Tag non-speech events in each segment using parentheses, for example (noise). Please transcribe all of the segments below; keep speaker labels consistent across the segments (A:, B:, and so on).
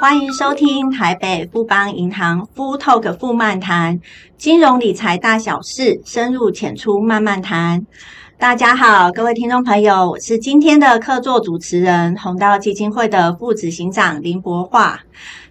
A: 歡迎收聽台北富邦銀行 Fu-Talk 富漫談，金融理財大小事，深入淺出慢慢談。大家好，各位聽眾朋友，我是今天的客座主持人宏道基金會的副執行長林博樺。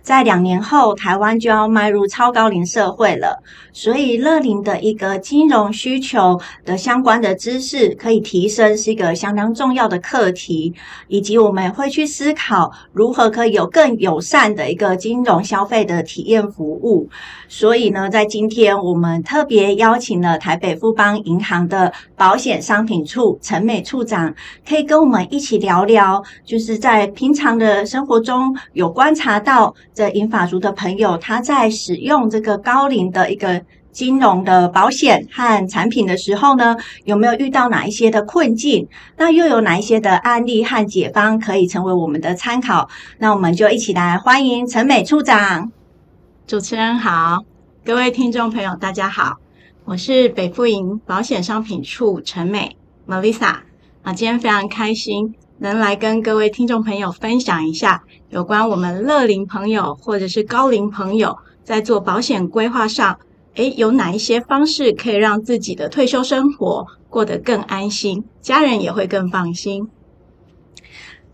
A: 在兩年後，台灣就要邁入超高齡社會了，所以樂齡的一個金融需求的相關的知識可以提升是一個相當重要的課題，以及我們會去思考如何可以有更友善的一個金融消費的體驗服務。所以呢，在今天我們特別邀請了台北富邦銀行的保險商品處陳美處長，可以跟我們一起聊聊，就是在平常的生活中有觀察到，的銀髮族的朋友，他在使用這個高齡的一個金融的保險和產品的時候呢，有沒有遇到哪一些的困境？那又有哪一些的案例和解方可以成為我們的參考？那我們就一起來歡迎陳美處長。主持人好，
B: 各位聽眾朋友大家好，我是北富銀保險商品處陳美 Melissa，啊，今天非常開心。能來跟各位聽眾朋友分享一下，有關我們樂齡朋友或者是高齡朋友在做保險規劃上，誒，有哪一些方式可以讓自己的退休生活過得更安心，家人也會更放心。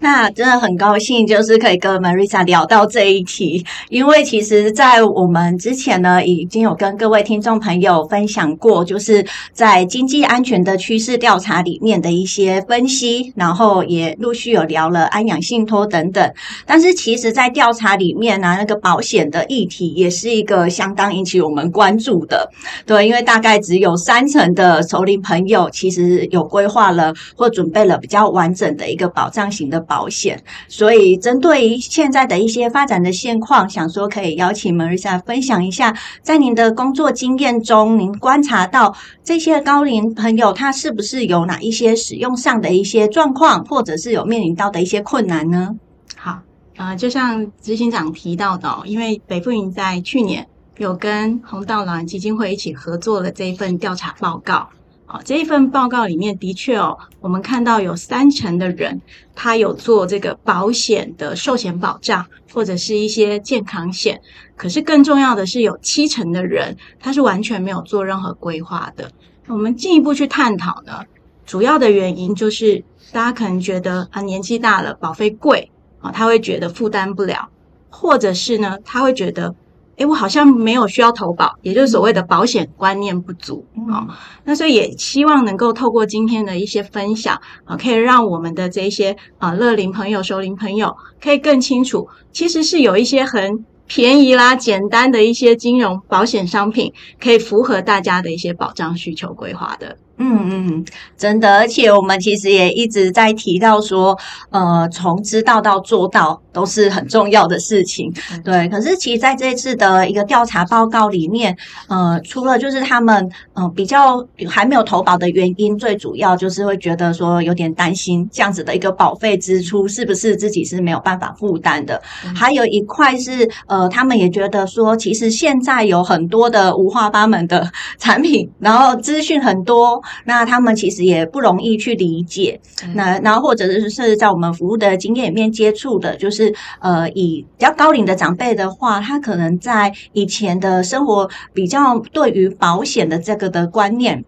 A: 那真的很高興，就是可以跟 Marisa 聊到這一題，因為其實，在我們之前呢，已經有跟各位聽眾朋友分享過，就是在經濟安全的趨勢調查裡面的一些分析，然後也陸續有聊了安養信託等等。但是，其實，在調查裡面呢、啊，那個保險的議題也是一個相當引起我們關注的。對，因為大概只有三成的熟齡朋友其實有規劃了或準備了比較完整的一個保障型的保保險，所以針對於現在的一些發展的現況，想說可以邀請 Marisa 分享一下，在您的工作經驗中，您觀察到這些高齡朋友他是不是有哪一些使用上的一些狀況，或者是有面臨到的一些困難呢？
B: 好，啊、呃，就像執行長提到的、哦，因為北富銀在去年有跟弘道老人基金會一起合作了這一份調查報告。哦，這一份報告裡面的確哦，我們看到有三成的人他有做這個保險的壽險保障或者是一些健康險，可是更重要的是有七成的人他是完全沒有做任何規劃的。我們進一步去探討呢，主要的原因就是大家可能覺得啊年紀大了保費貴啊，哦，他會覺得負擔不了，或者是呢他會覺得。誒，我好像沒有需要投保，也就是所謂的保險觀念不足啊、嗯哦。那所以也希望能夠透過今天的一些分享啊，可以讓我們的這些啊樂齡朋友、熟齡朋友可以更清楚，其實是有一些很便宜啦、簡單的一些金融
A: 保險商品，可以符合大家的一些保障需求規劃的。嗯嗯，真的，而且我們其實也一直在提到說，呃，從知道到做到都是很重要的事情，嗯、對。可是，其實在這次的一個調查報告裡面，呃，除了就是他們呃比較還沒有投保的原因，最主要就是會覺得說有點擔心這樣子的一個保費支出是不是自己是沒有辦法負擔的，嗯、還有一塊是呃，他們也覺得說，其實現在有很多的五花八門的產品，然後資訊很多。那他們其實也不容易去理解，
B: 那然
A: 後或者是在我們服務的經驗裡面接觸的，就是呃，以比較高齡的長輩的話，他可能在以前的生活比較對於保險的這個的觀念。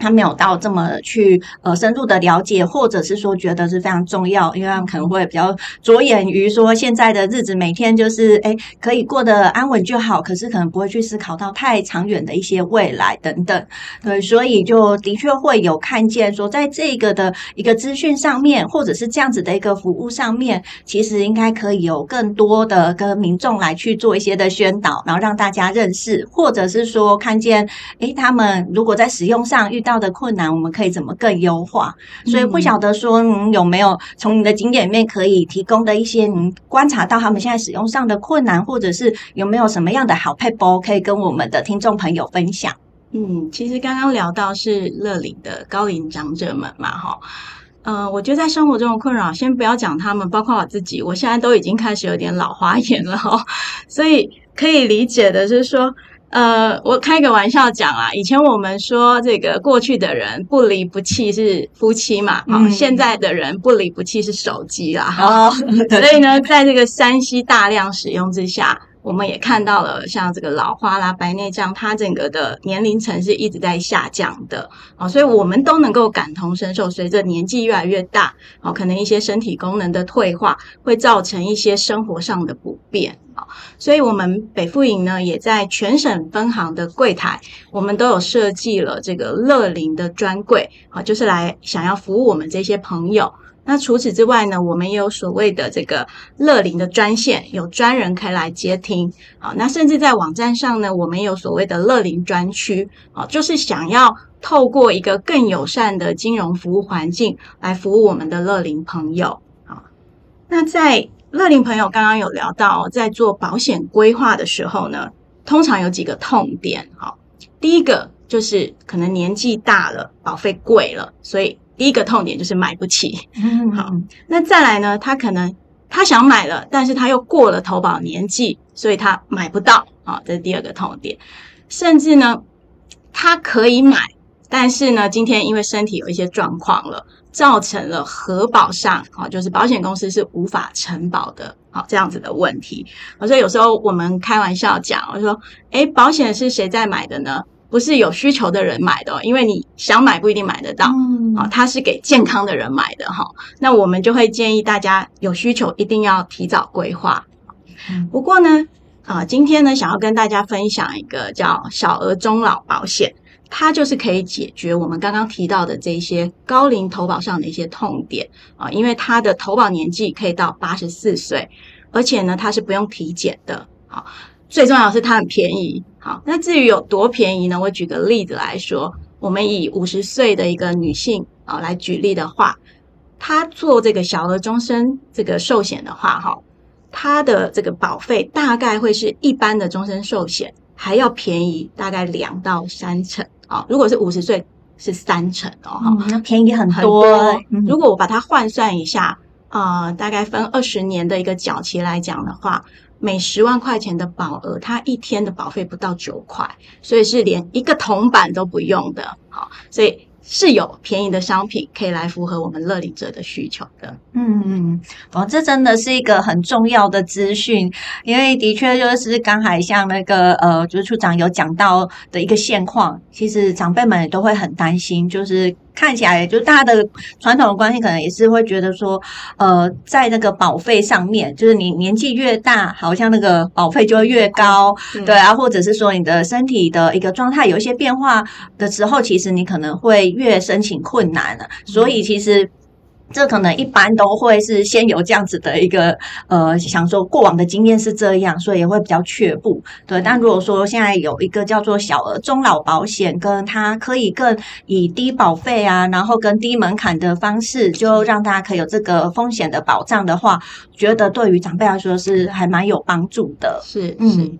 A: 他沒有到這麼去呃，深入的了解，或者是說覺得是非常重要，因為他們可能會比較着眼於說現在的日子，每天就是哎、欸、可以過得安穩就好，可是可能不會去思考到太長遠的一些未來等等。對，所以就的確會有看見說，在這個的一個資訊上面，或者是這樣子的一個服務上面，其實應該可以有更多的跟民眾來去做一些的宣導，然後讓大家認識，或者是說看見哎、欸、他們如果在使用上遇到。到的困難，我們可以怎麼更優化？所以不曉得說，你有沒有從你的經驗裡面可以提供的一些，你觀察到他們現在使用上的困難，或者是有沒有什麼樣的好配方可以跟我們的聽眾朋友分享？
B: 嗯，其實剛剛聊到是樂齡的高齡長者們嘛，哈，嗯，我覺得在生活中的困擾，先不要講他們，包括我自己，我現在都已經開始有點老花眼了哈，所以可以理解的是說。呃，我開個玩笑講啊，以前我們說這個過去的人不離不棄是夫妻嘛，好、嗯哦，現在的人不離不棄是手機啦，好、哦， (laughs) 所以呢，在這個 3C 大量使用之下。我們也看到了，像這個老花啦、白內障，它整個的年齡層是一直在下降的啊，所以我們都能夠感同身受。隨着年紀越來越大，啊，可能一些身體功能的退化會造成一些生活上的不便啊，所以，我們北富銀呢也在全省分行的櫃台，我們都有設計了這個樂齡的專櫃啊，就是來想要服務我們這些朋友。那除此之外呢，我們也有所謂的這個樂齡的專線，有專人可以來接聽。啊、哦，那甚至在網站上呢，我們也有所謂的樂齡專區，啊、哦，就是想要透過一個更友善的金融服務環境來服務我們的樂齡朋友。啊、哦，那在樂齡朋友剛剛有聊到、哦，在做保險規劃的時候呢，通常有幾個痛點。好、哦，第一個就是可能年紀大了，保費貴了，所以。第一個痛點，就是買不起，好，那再來呢？他可能他想買了，但是他又過了投保年紀，所以他買不到啊。這是第二個痛點。甚至呢，他可以買，但是呢，今天因為身體有一些狀況了，造成了核保上啊，就是保險公司是無法承保的啊，這樣子的問題。所以有時候我們開玩笑講，我說：“誒，保險是誰在買的呢？”不是有需求的人買的，因為你想買不一定買得到。嗯哦、它是給健康的人買的哈、哦。那我們就會建議大家有需求一定要提早規劃。不過呢，啊、哦，今天呢，想要跟大家分享一個叫小額終老保險，它就是可以解決我們剛剛提到的這些高齡投保上的一些痛點啊、哦，因為它的投保年紀可以到八十四歲，而且呢，它是不用體檢的。哦最重要的是它很便宜，好。那至於有多便宜呢？我舉個例子來說，我們以五十歲的一個女性啊、哦、來舉例的話，她做這個小額終身這個壽險的話，哈，她的這個保費大概會是一般的終身壽險還要便宜大概兩到三成啊、哦。如果是五十歲是三成哦，哈、嗯，那
A: 便宜很多。很多
B: 欸嗯、如果我把它換算一下，啊、呃，大概分二十年的一個繳期來講的話。每十萬塊錢的保額，它一天的保費不到九塊，所以是連一個銅板都不用的。好，所以是有便宜的
A: 商品可以來符合我們樂齡者的需求的。嗯嗯，哇，這真的是一個很重要的資訊，因為的確就是剛才像那個呃，就是處長有講到的一個現況，其實長輩們也都會很擔心，就是。看起來，就大家的傳統的觀念，可能也是會覺得說，呃，在那個保費上面，就是你年紀越大，好像那個保費就會越高，對啊，或者是說你的身體的一個狀態有一些變化的時候，其實你可能會越申請困難了。所以其實。這可能一般都會是先有這樣子的一個呃，想說過往的經驗是這樣，所以也會比較卻步，對。嗯、但如果說現在有一個叫做小額終老保險，跟它可以更以低保費啊，然後跟低門檻的方式，就讓大家可以有這個風險的保障的話，覺得對於長輩來說是還蠻有幫助的。是，是
B: 嗯。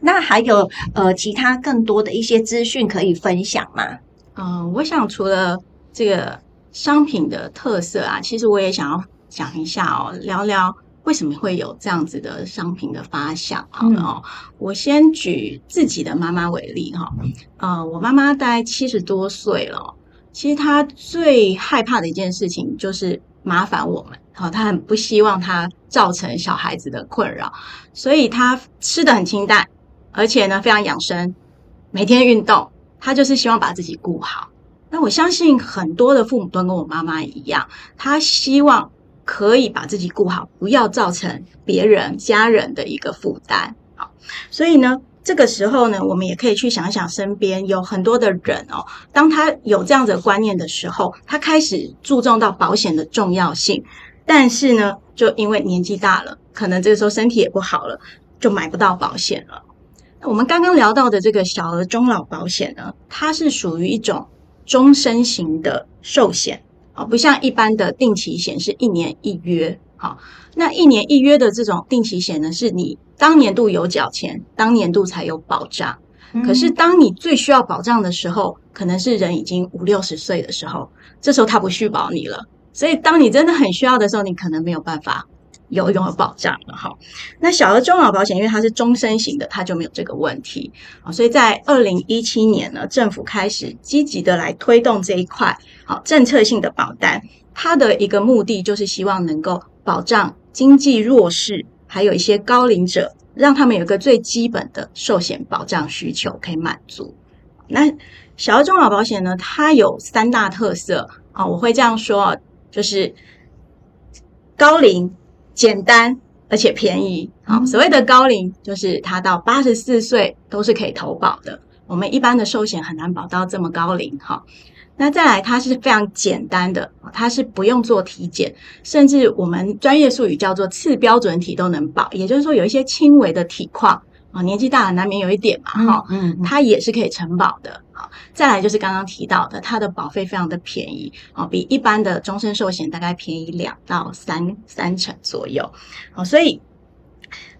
A: 那還有呃其他更多的一些資訊可以分享嗎？嗯、呃，我想除了這個。
B: 商品的特色啊，其實我也想要講一下哦，聊聊為什麼會有這樣子的商品的發想，好的哦。嗯。我先舉自己的媽媽為例哈，呃，我媽媽大概七十多歲了，其實她最害怕的一件事情就是麻煩我們，她很不希望她造成小孩子的困擾，所以她吃的很清淡，而且呢非常養生，每天運動，她就是希望把自己顧好。那我相信很多的父母都跟我媽媽一樣，他希望可以把自己顧好，不要造成別人家人的一個負擔啊。所以呢，這個時候呢，我們也可以去想想，身邊有很多的人哦，當他有這樣的觀念的時候，他開始注重到保險的重要性，但是呢，就因為年紀大了，可能這個時候身體也不好了，就買不到保險了。那我們剛剛聊到的這個小額終老保險呢，它是屬於一種。終身型的壽險啊，不像一般的定期險是一年一約。好，那一年一約的這種定期險呢，是你當年度有繳錢，當年度才有保障。可是，當你最需要保障的時候，可能是人已經五六十歲的時候，這時候他不續保你了。所以，當你真的很需要的時候，你可能沒有辦法。有用有，有保障的哈。那小額終老保險，因為它是終身型的，它就沒有這個問題啊。所以在二零一七年呢，政府開始積極的來推動這一塊好，政策性的保單，它的一個目的就是希望能夠保障經濟弱勢，還有一些高齡者，讓他們有一個最基本的壽險保障需求可以滿足。那小額終老保險呢，它有三大特色啊，我會這樣說，就是高齡。簡單而且便宜，好，所謂的高齡就是他到八十四歲都是可以投保的。我們一般的壽險很難保到這麼高齡，哈。那再來，它是非常簡單的，它是不用做體檢，甚至我們專業術語叫做次標準體都能保，也就是說有一些輕微的體況啊，年紀大了難免有一點嘛，哈，嗯，它也是可以承保的。好，再來就是剛剛提到的，它的保費非常的便宜啊、哦，比一般的終身壽險大概便宜兩到三三成左右。好，所以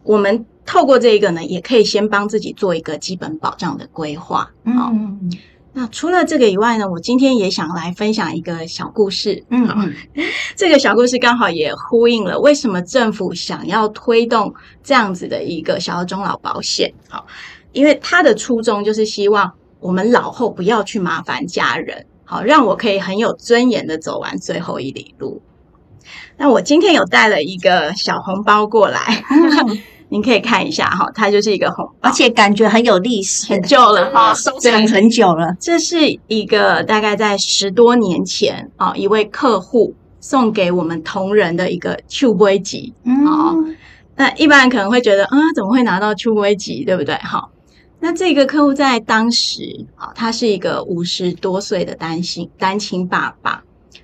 B: 我們透過這一個呢，也可以先幫自己做一個基本保障的規劃。嗯，嗯，那除了這個以外呢，我今天也想來分享一個小故事。嗯，嗯，這個小故事剛好也呼應了為什麼政府想要推動這樣子的一個小額終老保險。好，因為它的初衷就是希望。我們老後不要去麻煩家人，好，讓我可以很有尊嚴的走完最後一里路。那我今天有帶了一個小紅包過來，嗯、 (laughs) 您可以看一下哈，它就是一個紅包，而且感覺很有歷史，很久了哈，收藏很久了。久了這是一個大概在十多年前啊，一位客戶送給我們同仁的一個出軌集，好、嗯哦，那一般人可能會覺得，啊、嗯，怎麼會拿到出軌集，對不對？好。那這個客戶在當時啊、哦，他是一個五十多歲的單親單親爸爸，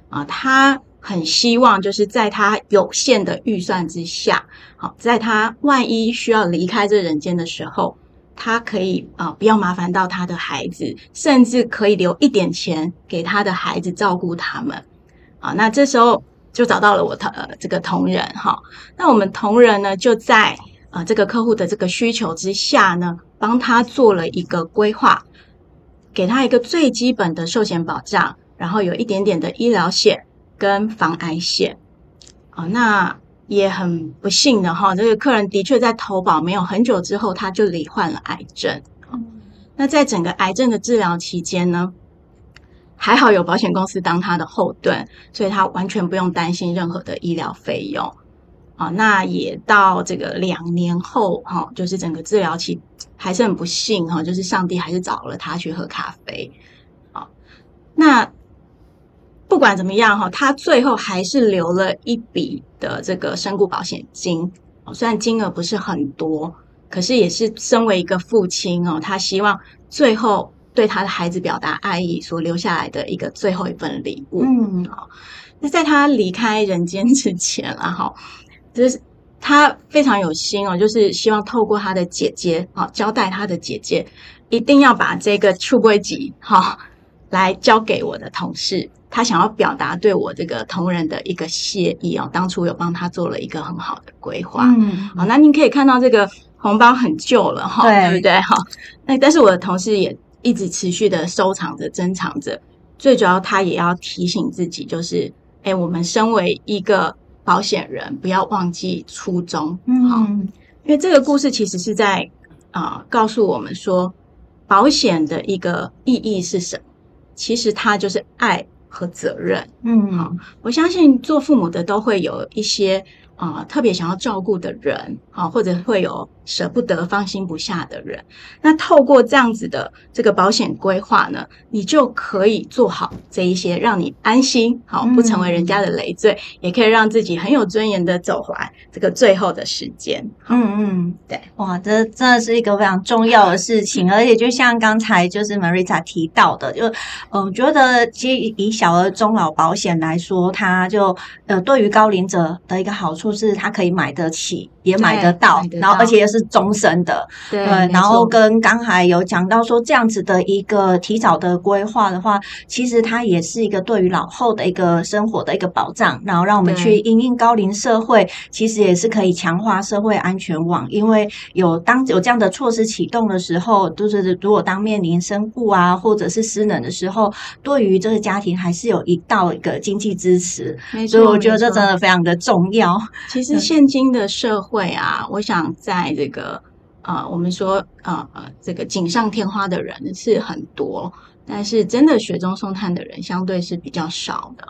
B: 啊、哦，他很希望就是在他有限的預算之下，好、哦，在他萬一需要離開這人間的時候，他可以啊、哦，不要麻煩到他的孩子，甚至可以留一點錢給他的孩子照顧他們，啊、哦，那這時候就找到了我的、呃、這個同仁哈、哦，那我們同仁呢就在啊、呃、這個客戶的這個需求之下呢。幫他做了一個規劃，給他一個最基本的壽險保障，然後有一點點的醫療險跟防癌險。哦，那也很不幸的哈，這個客人的確在投保沒有很久之後，他就罹患了癌症。那在整個癌症的治療期間呢，還好有保險公司當他的後盾，所以他完全不用擔心任何的醫療費用。啊、哦，那也到這個兩年後哈、哦，就是整個治療期還是很不幸哈、哦，就是上帝還是找了他去喝咖啡。啊、哦，那不管怎麼樣哈、哦，他最後還是留了一筆的這個身故保險金、哦，雖然金額不是很多，可是也是身為一個父親哦，他希望最後對他的孩子表達愛意，所留下來的一個最後一份禮物。嗯、哦，那在他離開人間之前啊，哦就是他非常有心哦，就是希望透過他的姐姐啊、哦，交代他的姐姐，一定要把這個出櫃集哈來交給我的同事。他想要表達對我這個同仁的一個謝意哦，當初有幫他做了一個很好的規劃。嗯，好、哦，那您可以看到這個紅包很舊了哈，對不對哈？那但是我的同事也一直持續的收藏着、珍藏着。最主要，他也要提醒自己，就是哎、欸，我們身為一個。保險人不要忘記初衷，好、嗯，因為這個故事其實是在啊、呃、告訴我們說，保險的一個意義是什麼？其實它就是愛和責任，嗯，好、呃，我相信做父母的都會有一些啊、呃、特別想要照顧的人。啊，或者會有捨不得、放心不下的人。那透過這樣子的這個保險規劃呢，你就可以做好這一些，讓你安心，好，不成為人家的累贅，嗯、也可以讓自己很有尊嚴的走完這個最後
A: 的時間。嗯嗯，對，哇，這真的是一個非常重要的事情。 (laughs) 而且就像剛才就是 Marisa 提到的，就嗯、呃、我覺得其實以小額終老保險來說，它就呃，對於高齡者的一個好處是，它可以買得起，也買得起。得到，然後而且又是終身的，對、嗯，然後跟剛才有講到說這樣子的一個提早的規劃的話，其實它也是一個對於老後的一個生活的一個保障，然後讓我們去因應高齡社會，其實也是可以強化社會安全網，因為有當有這樣的措施啟動的時候，就是如果當面臨身故啊，或者是失能的時候，對於這個家庭還是有一道一個經濟支持，沒錯，所以我覺得這真的非常的重要。
B: 其實現今的社會啊。 (laughs) 啊，我想在這個呃，我們說啊，呃，這個錦上添花的人是很多，但是真的雪中送炭的人相對是比較少的。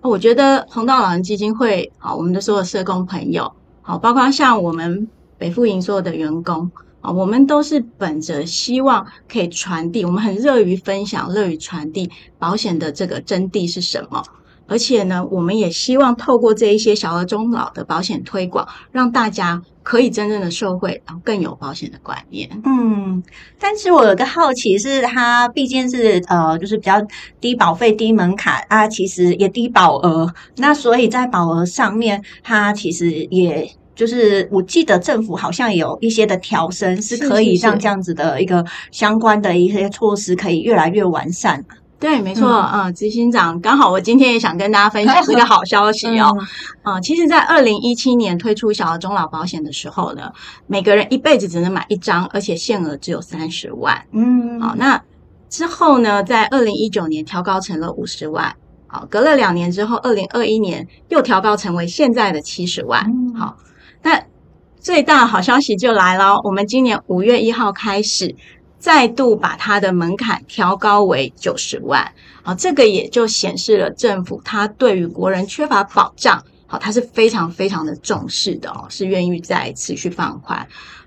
B: 我覺得弘道老人基金會啊，我們的所有社工朋友好、啊，包括像我們北富銀所有的員工啊，我們都是本着希望可以傳遞，我們很樂於分享，樂於傳遞保險的這個真諦是什麼。而且呢，我們也希望透過這一些小額終老的保險推廣，讓大家，可以真正的社會，然後更有保險的觀
A: 念。嗯，但是我有個好奇是，它畢竟是呃，就是比較低保費、低門檻啊，其實也低保額。那所以在保額上面，它其實也就是我記得政府好像有一些的調升，是可以讓這樣子的一個相關的一些措施可以越來越完善。對，沒錯，嗯，執行、啊、長，剛好我今天
B: 也想跟大家分享一,一個好消息哦，嗯、啊，其實，在二零一七年推出小額終老保險的時候呢，每個人一輩子只能買一張，而且限額只有三十萬，嗯，好、啊，那之後呢，在二零一九年調高成了五十萬，好、啊，隔了兩年之後，二零二一年又調高成為現在的七十萬，好、嗯，那、啊、最大好消息就來了，我們今年五月一號開始。再度把它的門檻調高為九十萬，好、啊，這個也就顯示了政府它對於國人缺乏保障，好、啊，它是非常非常的重視的哦，是願意再持續放寬，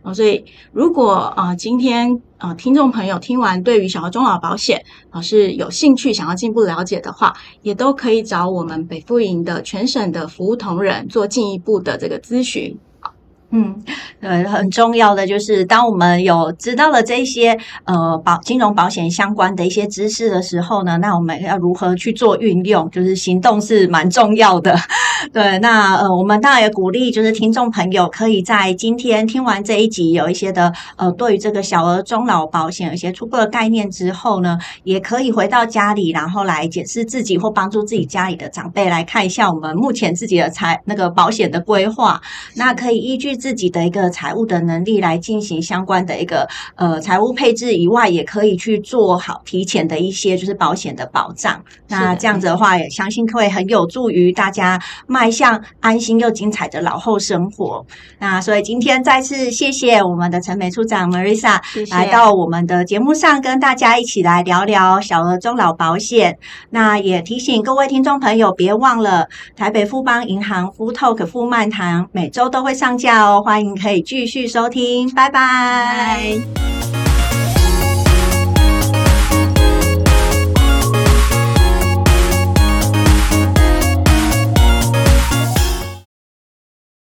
B: 啊、所以如果啊、呃，今天啊、呃，聽眾朋友聽完對於小額終老保險啊是有興趣想要進一步了解的話，也都可以找我們北富銀的全省的服務同仁做進一步的這個諮詢。
A: 嗯，呃，很重要的就是，當我們有知道了這些呃保金融保險相關的一些知識的時候呢，那我們要如何去做運用？就是行動是蠻重要的。對，那呃，我們當然也鼓勵，就是聽眾朋友可以在今天聽完這一集，有一些的呃對於這個小額終老保險有一些初步的概念之後呢，也可以回到家裡，然後來檢視自己或幫助自己家裡的長輩來看一下我們目前自己的財那個保險的規劃，那可以依據。自己的一個財務的能力來進行相關的一個呃財務配置以外，也可以去做好提前的一些就是保險的保障。那這樣子的話，也相信會很有助於大家邁向安心又精彩的老後生活。那所以今天再次謝謝我們的陳美處長 Marisa 謝謝來到我們的節目上，跟大家一起來聊聊小額終老保險。那也提醒各位聽眾朋友，別忘了台北富邦銀行 Fu-Talk 富漫談每周都會上架哦。歡迎可以繼續收聽，拜拜。